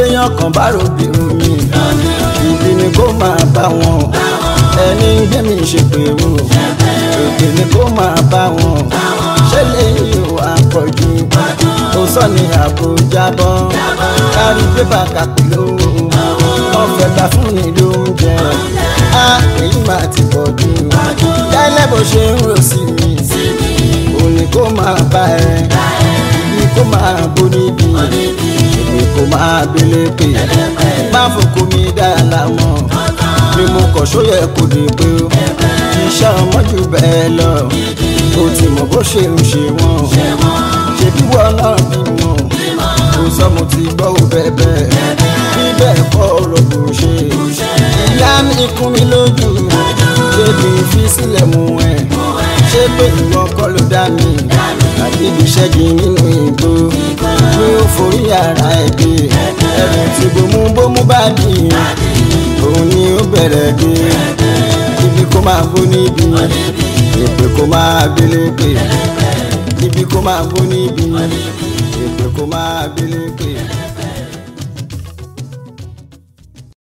béèyàn kan bá ròbìnrin mi ibi ni kó máa bá wọn ẹni ń gbé mi ṣe pèrò èdè ni kó máa bá wọn ṣé lè yóò àpọ̀jù ó sọ ní àbújá bọ́ kárí pépà kàpìlówó ọ̀fẹ́ ta fún ni lóúnjẹ á èyí máa ti pọ̀ jù tẹ́lẹ̀ bó ṣe ń rò sí mi òní kó máa bá ẹ ibi kó máa bó níbi kò máa délé pè má fòkó mi dáadáa mọ́ ni mo kọ̀ sóyẹ kò dé pé ọmọ jù bẹ́ẹ̀ lọ o ti mọ̀ bó ṣe ń ṣe wọ́n ṣe bí wọ́n náà bímọ o sọ mo ti gbọ́ o bẹ́ẹ̀ bíbẹ̀ kọ́ ọ̀rọ̀ kò ṣe ìyá mi kún mi lójú ṣé kì í fi sílẹ̀ mú ẹ ṣé pé ìwọ kọ́ ló dá mi àbí ìṣẹ́gi nínú ìgbó mi ò forí ara ẹ̀ bí ẹ̀rù tí bòmúbòmú bá dì í òun ni ó bẹ̀rẹ̀ dé ibi kó máa bó níbi èpè kó máa gbélé pè ibi kó máa bó níbi èpè kó máa gbélé